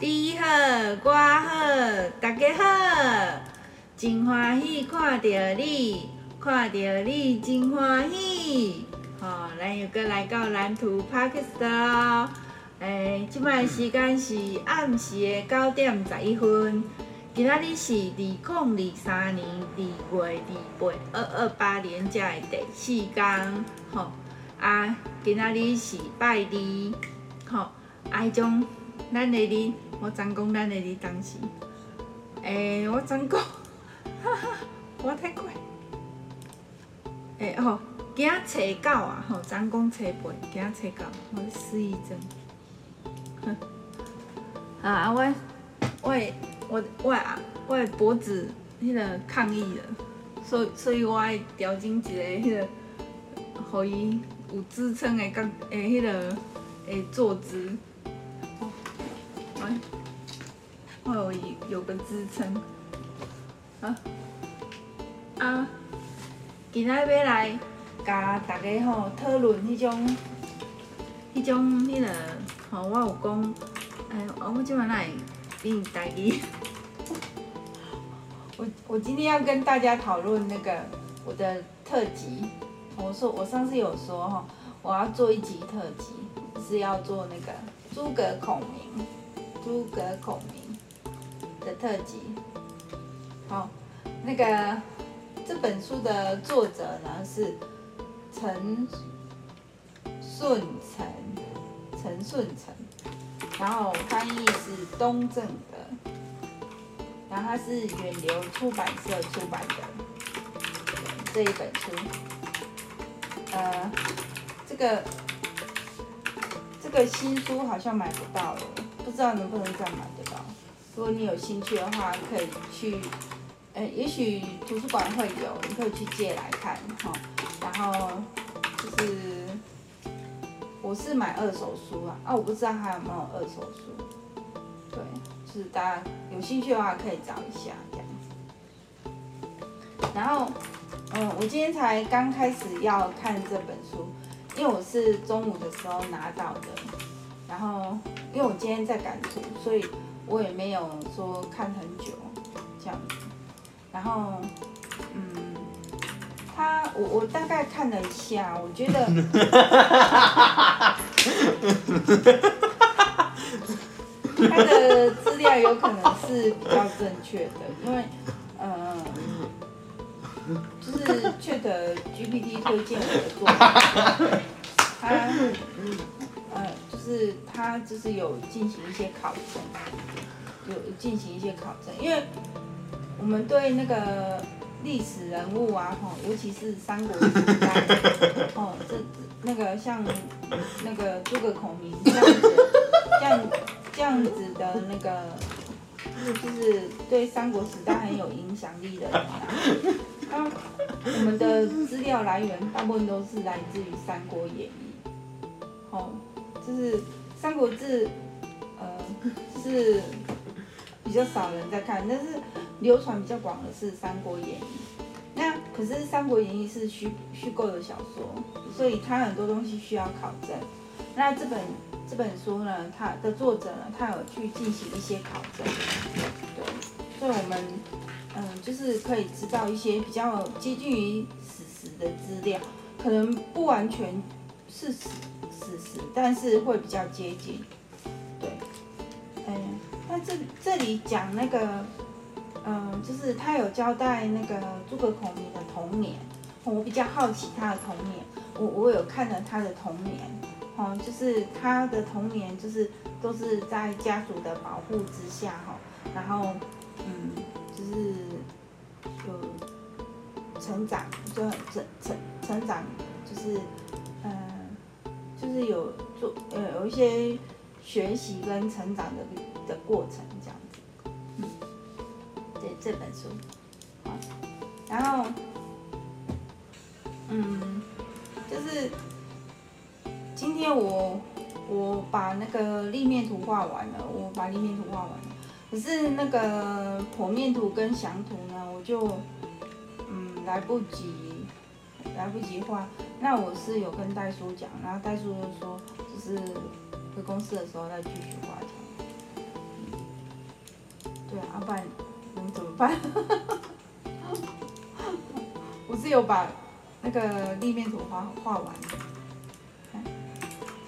你好，我好，大家好，真歡喜看到你，看到你真歡喜。好、哦，咱又擱來到藍圖帕克斯咯誒，即、欸、擺時間是暗時嘅九點十一分。今仔日是二零二三年二月二八二二八年嘅第四天。好、哦，啊，今仔日是拜二。好、哦，愛眾。咱的你，我專講咱的你當時，誒、欸，我專講，哈哈，我太快。誒、欸，吼、哦，今揣到啊！吼、哦，專講揣背，今揣到我失一陣。啊啊！我我我我啊！我，我，的我，的我的脖子迄落、那個、抗議了，所以所以我愛調整一個迄落予伊有支撐的角誒，迄落的坐姿。我有有個支撐啊啊！今天要來跟大家討論那種那種那個齁，我有講哎，我欲怎啊來變大姨？我我今天要跟大家討論那個我的特輯。我說我上次有說吼，我要做一集特輯，就是要做那個諸葛孔明。諸葛孔明的特輯，好，那個這本書的作者呢，是陳順成，陳順成，然後翻譯是東正的，然後他是遠流出版社出版的這一本書，呃，這個這個新書好像買不到了，欸。不知道能不能再買得到。如果你有興趣的話，可以去，欸，也許圖書館會有，你可以去借來看哈。然後就是，我是買二手書啊，啊，我不知道還有沒有二手書。對，就是大家有興趣的話可以找一下這樣子。然後，嗯，我今天才剛開始要看這本書，因為我是中午的時候拿到的，然後。因為我今天在趕圖，所以我也沒有說看很久這樣子。然後，嗯，他我我大概看了一下，我覺得， 他的資料有可能是比較正確的，因為，嗯、呃，就是覺得 GPT 推薦我的作品 他。嗯是，他就是有進行一些考證，有進行一些考證，因為我們對那個歷史人物啊，吼，尤其是三國時代，哦，這那個像那個諸葛孔明這樣子，這樣，這樣子的那個，是就是對三國時代很有影響力的人啊，啊，我們的資料來源大部分都是來自於《三國演義》喔，好。就是《三國志》，呃，是比較少人在看，但是流傳比較廣的是《三國演義》。那可是《三國演義》是虛虛構的小說，所以他很多東西需要考證。那這本這本書呢，它的作者呢，他有去進行一些考證，對，所以我們嗯、呃，就是可以知道一些比較接近於史實的資料，可能不完全是史實。事實，但是會比較接近，對，哎、欸，那這這裡講那個，嗯，就是他有交代那個諸葛孔明的童年，我比較好奇他的童年，我我有看了他的童年，哦、嗯，就是他的童年就是都是在家族的保護之下哈，然後嗯，就是有成長，就很成成成長就是。是有做呃有一些學習跟成長的的過程這樣子，嗯，對這本書，然後，嗯，就是今天我我把那個立面圖畫完了，我把立面圖畫完了，可是那個剖面圖跟詳圖呢，我就嗯來不及來不及畫。那我是有跟代叔講，然後代叔就說，就是回公司的時候再繼續畫。對啊，啊不然能怎麼辦？ 我是有把那個立面圖畫畫完。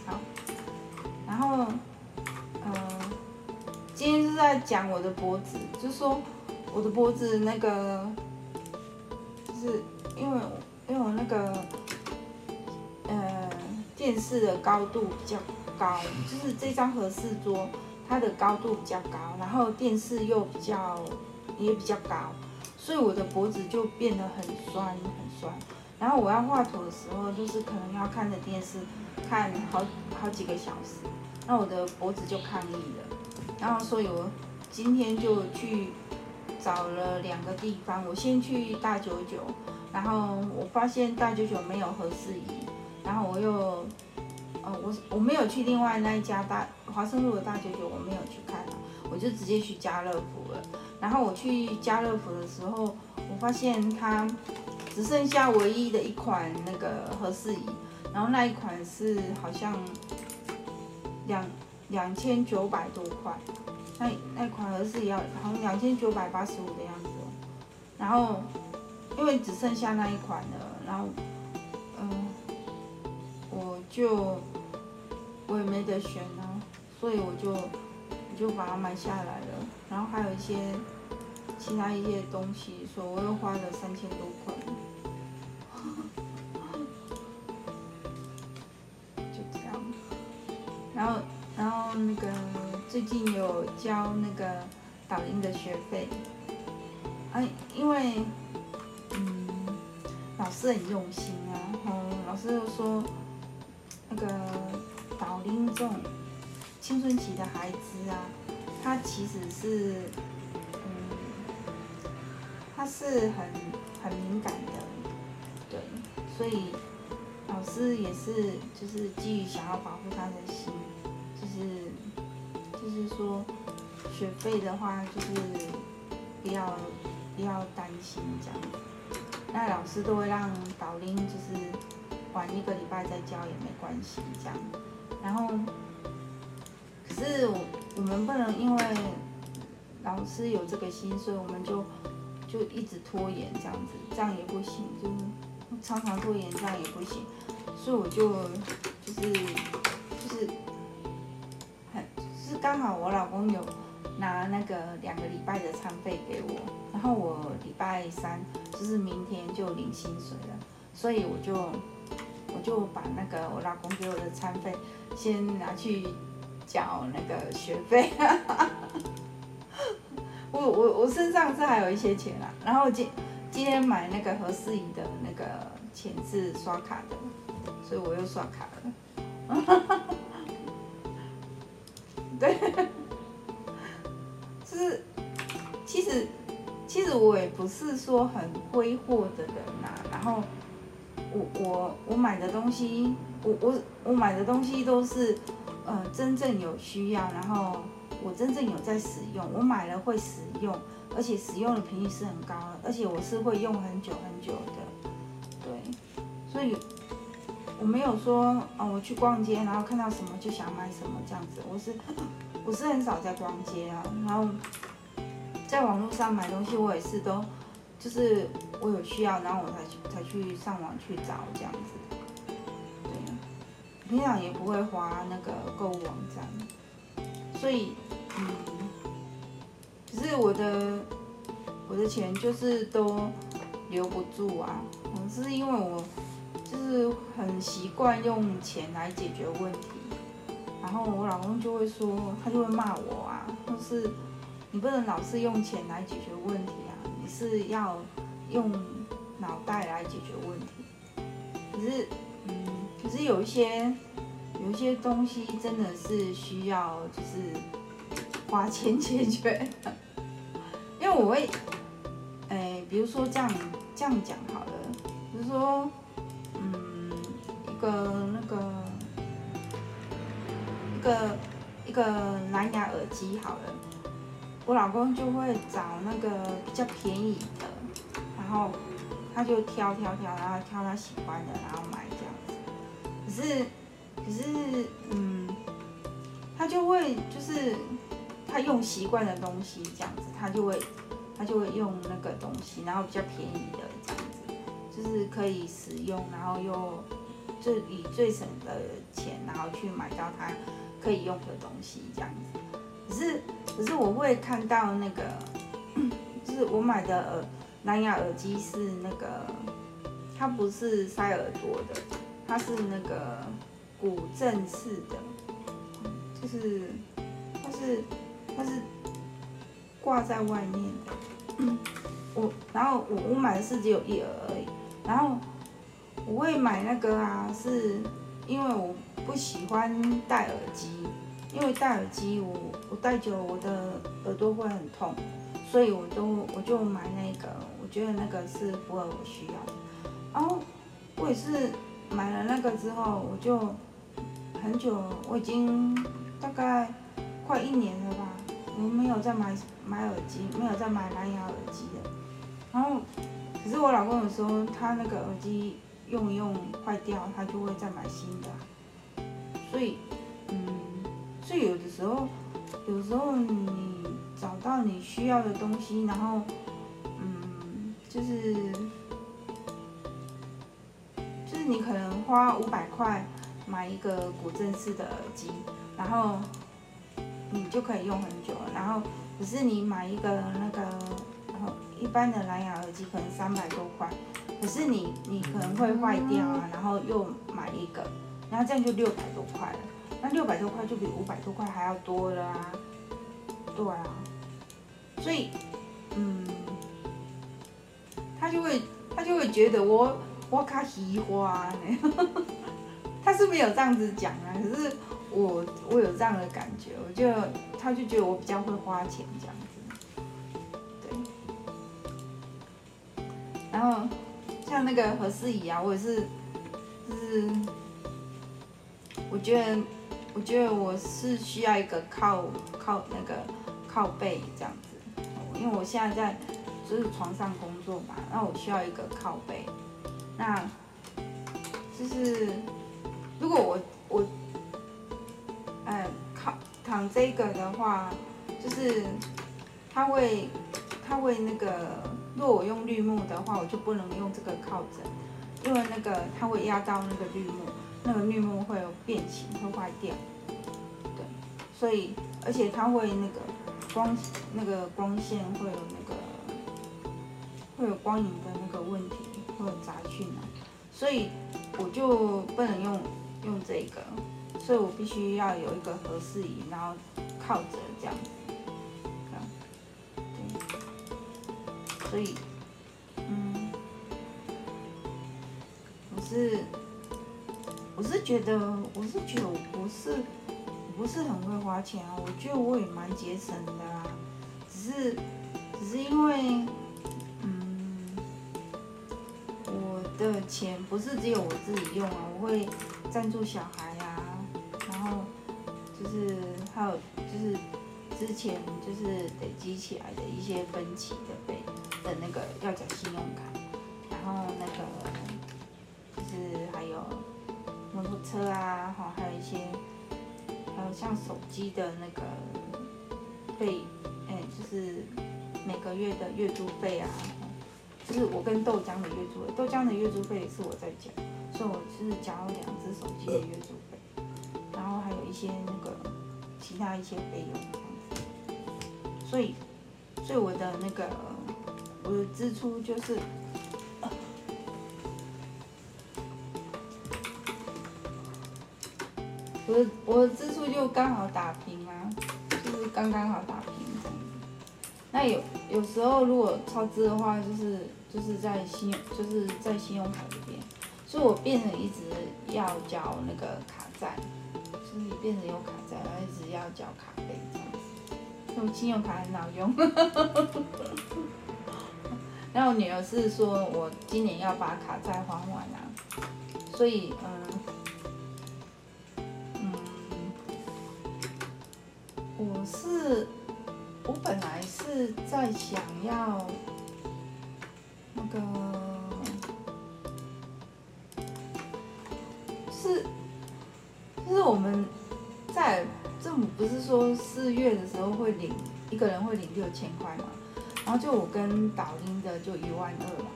好，然後嗯、呃，今天是在講我的脖子，就是說我的脖子那個，就是因為因為我那個。電視的高度比較高，就是這張和室桌，它的高度比較高，然後電視又比較，也比較高，所以我的脖子就變得很酸很酸。然後我要畫圖的時候，就是可能要看着電視，看好好幾個小時，那我的脖子就抗議了。然後所以我今天就去找了兩個地方，我先去大九九，然後我發現大九九沒有和室椅。然後我又，呃、我我沒有去另外那一家大華盛路的大九九，我沒有去看了，我就直接去家樂福了。然後我去家樂福的時候，我發現它只剩下唯一的一款那個和室椅，然後那一款是好像兩兩千九百多塊，那那一款和室椅要好像兩千九百八十五的樣子、哦。然後因為只剩下那一款了，然後。就我也沒得選啊，所以我就我就把它買下來了。然後還有一些其他一些東西，所以我又花了三千多塊。 就這樣。然後然後那個最近有交那個打印的學費，哎、啊，因為嗯老師很用心啊，然後老師又說。那個導齡，這種青春期的孩子啊，他其實是，嗯，他是很很敏感的，對，所以老師也是，就是基於想要保護他的心，就是就是說學費的話，就是不要不要擔心這樣，那老師都會讓導齡就是。晚一個禮拜再交也沒關係，這樣。然後，可是我我們不能因為老師有這個心，所以我們就就一直拖延這樣子，這樣也不行，就是常常拖延，這樣也不行。所以我就就是就是很就是剛好我老公有拿那個兩個禮拜的餐費給我，然後我禮拜三就是明天就領薪水了，所以我就。就把那個我老公給我的餐費先拿去繳那個學費，我我我身上是還有一些錢啊，然後今今天買那個和室椅的那個錢是刷卡的，所以我又刷卡了。對，是其實其實我也不是說很揮霍的人吶、啊，然後。我我我買的東西，我我我買的東西都是，呃，真正有需要，然後我真正有在使用，我買了會使用，而且使用的頻率是很高的，而且我是會用很久很久的，對，所以我沒有說啊、呃，我去逛街，然後看到什麼就想買什麼這樣子，我是我是很少在逛街啊，然後在網絡上買東西，我也是都。就是我有需要，然後我才去才去上網去找這樣子。對呀、啊，平常也不會花那個購物網站。所以，嗯，只是我的我的錢就是都留不住啊。可能是因為我就是很習慣用錢來解決問題，然後我老公就會說，他就會罵我啊，就是你不能老是用錢來解決問題。是要用腦袋來解決問題，可是，嗯，可是有一些，有一些東西真的是需要就是花錢解決，因為我會，哎，比如說這樣這樣講好了，比如說，嗯，一個那個，一個一個藍牙耳機好了。我老公就會找那個比較便宜的，然後他就挑挑挑，然後他挑他喜歡的，然後買這樣子。可是，可是，嗯，他就會就是他用習慣的東西這樣子，他就會他就會用那個東西，然後比較便宜的這樣子，就是可以使用，然後又最以最省的錢，然後去買到他可以用的東西這樣子。可是，可是我會看到那個，就是我買的藍牙耳機是那個，它不是塞耳朵的，它是那個骨傳導式的，就是它是它是掛在外面的，我，然後我我買的是只有一耳而已，然後我會買那個啊，是因為我不喜歡戴耳機，因為戴耳機我。我戴久我的耳朵會很痛，所以我都我就買那個，我覺得那個是符合我需要的。然後我也是買了那個之後，我就很久，我已經大概快一年了吧，我沒有再買買耳機，沒有再買藍牙耳機了。然後可是我老公有時候他那個耳機用一用壞掉，他就會再買新的，所以嗯，所以有的時候。有時候你找到你需要的東西，然後，嗯，就是，就是你可能花五百塊買一個骨震式的耳機，然後你就可以用很久。然後，可是你買一個那個，然後一般的藍牙耳機可能三百多塊，可是你你可能會壞掉啊，然後又買一個，然後這樣就六百多塊了。那六百多塊就比五百多塊還要多了啊，對啊，所以，嗯，他就會他就會覺得我我卡喜花，他是沒有這樣子講啊，可是我我有這樣的感覺，我就他就覺得我比較會花錢這樣子，對。然後像那個何思怡啊，我也是就是，我覺得。我覺得我是需要一個靠靠那個靠背這樣子，因為我現在在就是床上工作嘛，那我需要一個靠背。那就是如果我我、呃、靠躺這個的話，就是它會它會那個，如果我用綠幕的話，我就不能用這個靠枕，因為那個它會壓到那個綠幕。那個綠幕會有變形，會壞掉，對，所以而且它會那個光那個光線會有那個會有光影的那個問題，會有雜訊啊，所以我就不能用用這個，所以我必須要有一個和室椅，然後靠着這樣子，這樣，對，所以，嗯，我是。我是覺得，我是覺得，我不是我不是很會花錢啊。我覺得我也蠻節省的，啊，只是只是因為，嗯，我的錢不是只有我自己用啊。我會贊助小孩啊，然後就是還有就是之前就是累積起來的一些分期的費的那個要繳信用卡。車啊，好，還有一些，還有像手機的那個費，哎、欸，就是每個月的月租費啊，就是我跟豆漿的月租費，豆漿的月租費是我在交，所以我就是交了兩隻手機的月租費，然後還有一些那個其他一些費用，這樣子，所以，所以我的那個我的支出就是。我的我的支出就剛好打平啊，就是剛剛好打平。那有有時候如果超支的話，就是就是在信用就是在信用卡這邊，所以我變成一直要交那個卡債，就是變成有卡債，然後一直要交卡費。用信用卡很好用。然 後女兒是說，我今年要把卡債還完啊，所以嗯。我是，我本來是在想要那個是，就是我們在政府不是說四月的時候會領一個人會領六千塊嘛，然後就我跟導音的就一萬二嘛，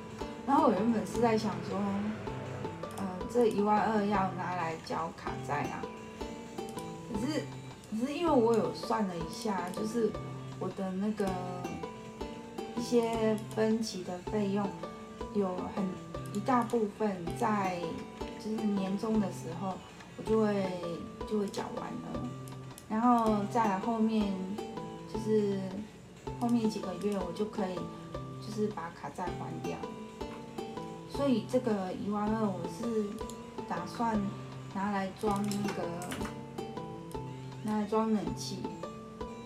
然後我原本是在想說，呃，這一萬二要拿來交卡債啊，可是。只是因為我有算了一下，就是我的那個一些分期的費用，有很一大部分在就是年終的時候，我就會就會繳完了，然後再來後面就是後面幾個月我就可以就是把卡債還掉，所以這個一萬二我是打算拿來裝那個。拿來裝冷氣，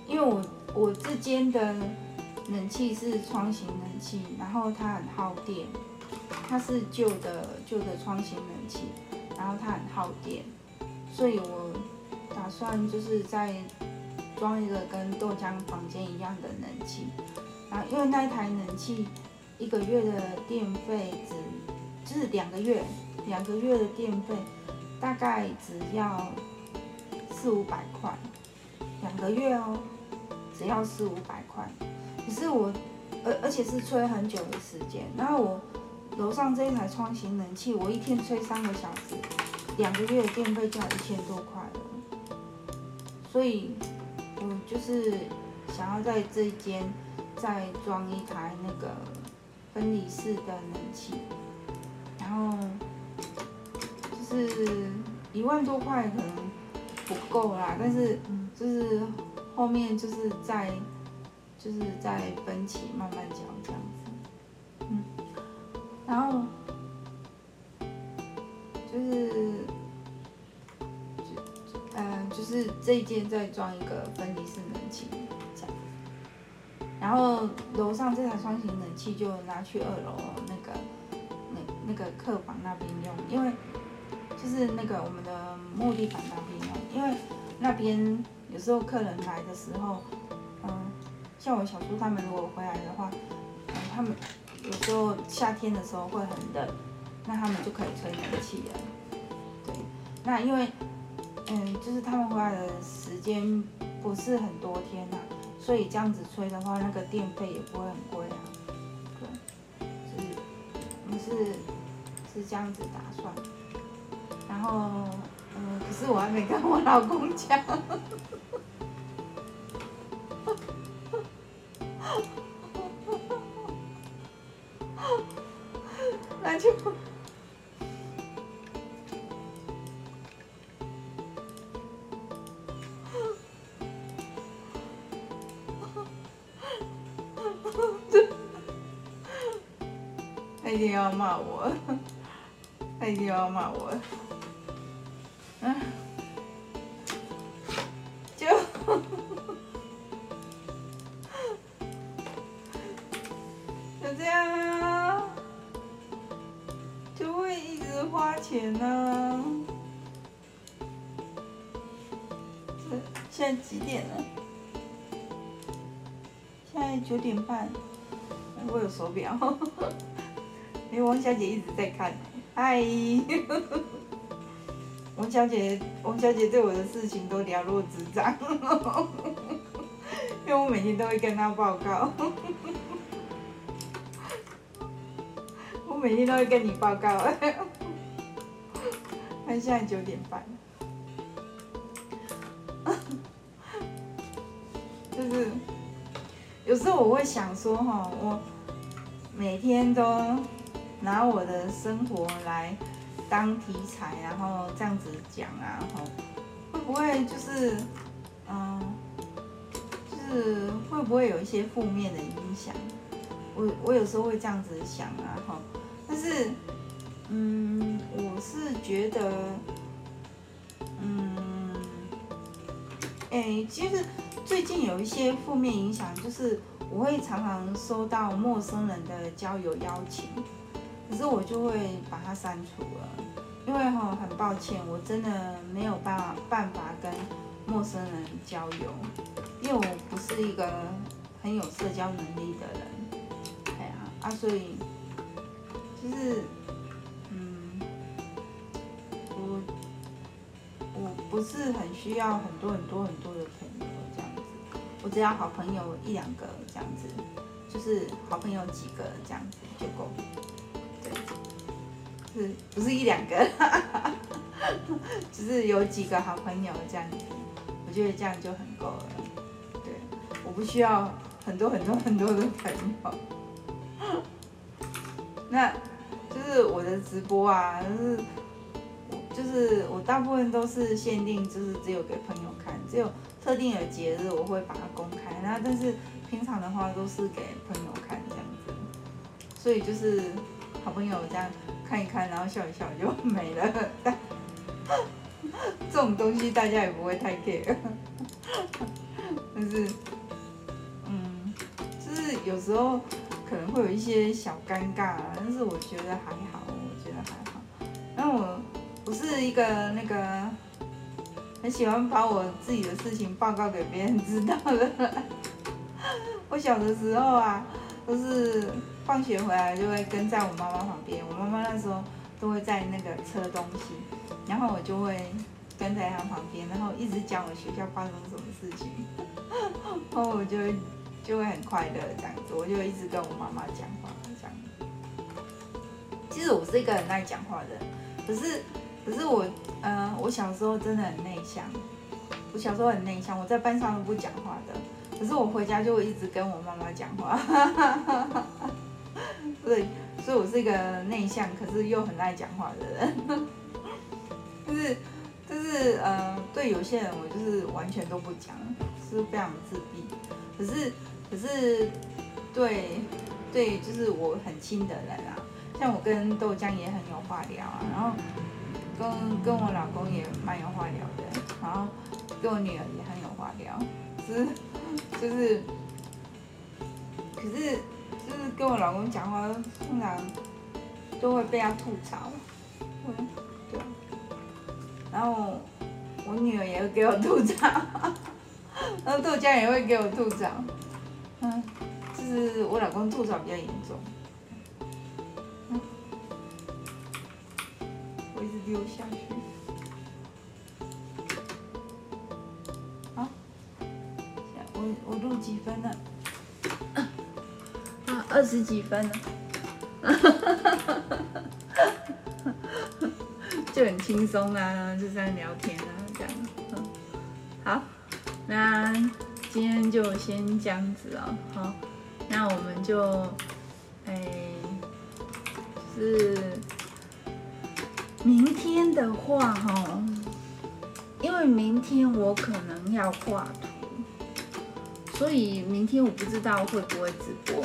因為我我這間的冷氣是窗型冷氣，然後它很耗電，它是舊的舊的窗型冷氣，然後它很耗電，所以我打算就是再裝一個跟豆漿房間一樣的冷氣，然後因為那台冷氣一個月的電費只就是兩個月，兩個月的電費大概只要。四五百塊，兩個月哦、喔，只要四五百塊。可是我，而而且是吹很久的時間。然後我樓上這一台窗型冷氣，我一天吹三個小時，兩個月的電費就要一千多塊了。所以，我就是想要在這一間再裝一台那個分離式的冷氣，然後就是一萬多塊可能。不夠啦，但是就是後面就是在就是在分期慢慢交這樣子，嗯，然後就是嗯就，就、呃、就是這一間再裝一個分離式冷氣這樣，然後樓上這台雙型冷氣就拿去二樓那個那那個客房那邊用，因為就是那個我們的木地板嘛。因為那邊有時候客人來的時候，嗯，像我小叔他們如果回來的話，嗯，他們有時候夏天的時候會很冷，那他們就可以吹冷氣了。對，那因為嗯，就是他們回來的時間不是很多天嘛，所以這樣子吹的話，那個電費也不會很貴啊。對，是，我是是這樣子打算，然後。可是我還沒跟我老公講，那就，他一定要罵我，他一定要罵我。嗯，就 就這樣啊，就會一直花錢啊。這現在幾點了？現在九點半。我有手錶。因為王小姐一直在看。嗨。王小姐，王小姐對我的事情都了如指掌，因為我每天都會跟她報告，我每天都會跟你報告。看現在九點半，就是有時候我會想說，哈，我每天都拿我的生活來。當題材啊，然後這樣子講啊，會不會就是，嗯，就是會不會有一些負面的影響？我我有時候會這樣子想啊，但是，嗯，我是覺得，嗯，哎、欸，其實最近有一些負面影響，就是我會常常收到陌生人的交友邀請。可是我就會把它刪除了，因為哈很抱歉，我真的沒有辦法辦法跟陌生人交友，因為我不是一個很有社交能力的人，哎呀啊，啊，所以就是嗯，我我不是很需要很多很多很多的朋友這樣子，我只要好朋友一兩個這樣子，就是好朋友幾個這樣子就夠。是不是一兩個？ 就是有幾個好朋友這樣子，我覺得這樣就很夠了。對，我不需要很多很多很多的朋友。 那，就是我的直播啊，就是我就是我大部分都是限定，就是只有給朋友看，只有特定的節日我會把它公開。那但是平常的話都是給朋友看這樣子，所以就是好朋友這樣。看一看，然後笑一笑就沒了，但這種東西大家也不會太 care，但是，嗯，就是有時候可能會有一些小尷尬，但是我覺得還好，我覺得還好。那我不是一個那個很喜歡把我自己的事情報告給別人知道的。我小的時候啊，都是。放學回來就會跟在我媽媽旁邊，我媽媽那時候都會在那個車東西，然後我就會跟在她旁邊，然後一直講我學校發生什麼事情，然後我就就會很快樂這樣子，我就一直跟我媽媽講話這樣。其實我是一個很愛講話的，可是可是我嗯、呃，我小時候真的很內向，我小時候很內向，我在班上都不講話的，可是我回家就會一直跟我媽媽講話。呵呵呵對，所以我是一個內向，可是又很愛講話的人。 就是，就是，呃，對有些人我就是完全都不講，是非常自閉。可是，可是，對，對，就是我很親的人啊，像我跟豆漿也很有話聊啊，然後跟跟我老公也蠻有話聊的，然後跟我女兒也很有話聊，就是，就是，可是。跟我老公講話，通常都會被他吐槽，然後我，我女兒也會給我吐槽， 然後豆漿也會給我吐槽，嗯，就是我老公吐槽比較嚴重，嗯。我一直溜下去。好，我我錄幾分了？二十幾分了， 就很輕鬆啊，就是，在聊天啊，這樣好。好，那今天就先這樣子哦。好，那我們就哎，欸就是明天的話，哈，因為明天我可能要畫圖，所以明天我不知道會不會直播。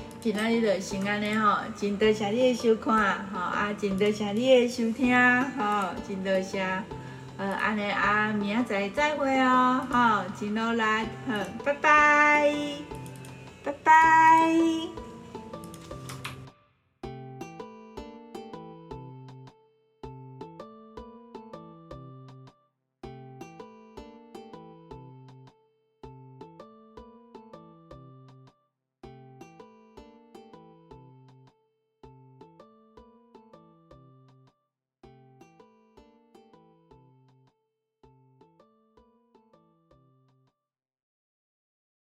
今仔日就先安尼吼，真多謝你的收看吼、哦，啊，真多謝你的收聽吼，真、哦、多謝，呃，安尼啊，明仔載再會哦，好、哦，真努力，拜拜，拜拜。拜拜